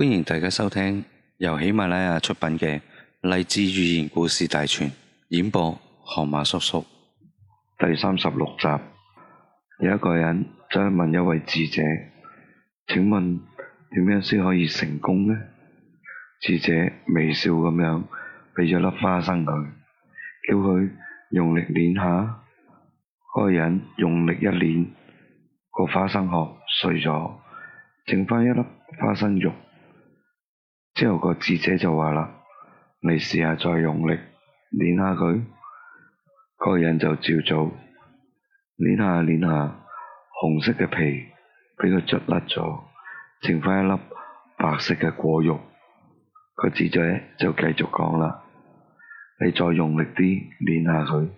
歡迎大家收聽由喜馬拉雅出品嘅《勵志寓言故事大全》演播，河馬叔叔第三十六集。有一個人走去問一位智者：請問點樣先可以成功呢？智者微笑咁樣俾咗粒花生佢，叫佢用力碾下。嗰個人用力一碾，個花生殼碎咗，剩翻一粒花生肉。之後個智者就話啦，你試下再用力捏下佢，個人就照做，捏下捏下，紅色嘅皮俾佢捽甩咗，剩翻一粒白色嘅果肉。個智者就繼續講啦，你再用力啲捏下佢，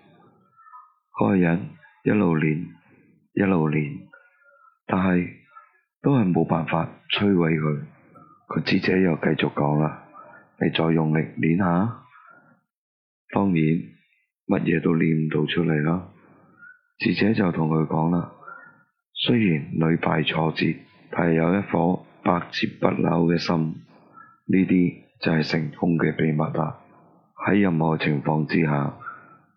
個人一路捏，一路捏，但係都係冇辦法摧毀佢。個智者又繼續講啦，你再用力捻下，當然乜嘢都捻唔到出嚟啦。智者就同佢講啦，雖然屢敗挫折，但係有一顆百折不撓嘅心，呢啲就係成功嘅秘密啦。喺任何情況之下，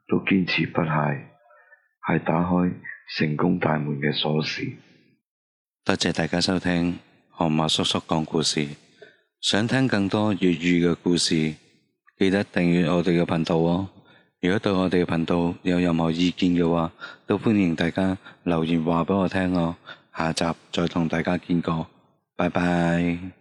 都堅持不懈，係打開成功大門嘅鎖匙。多謝大家收聽河馬叔叔講故事。想聽更多粵語嘅故事，記得訂閱我哋嘅頻道哦。如果對我哋嘅頻道有任何意見嘅話，都歡迎大家留言話畀我聽哦。下集再同大家見過，拜拜。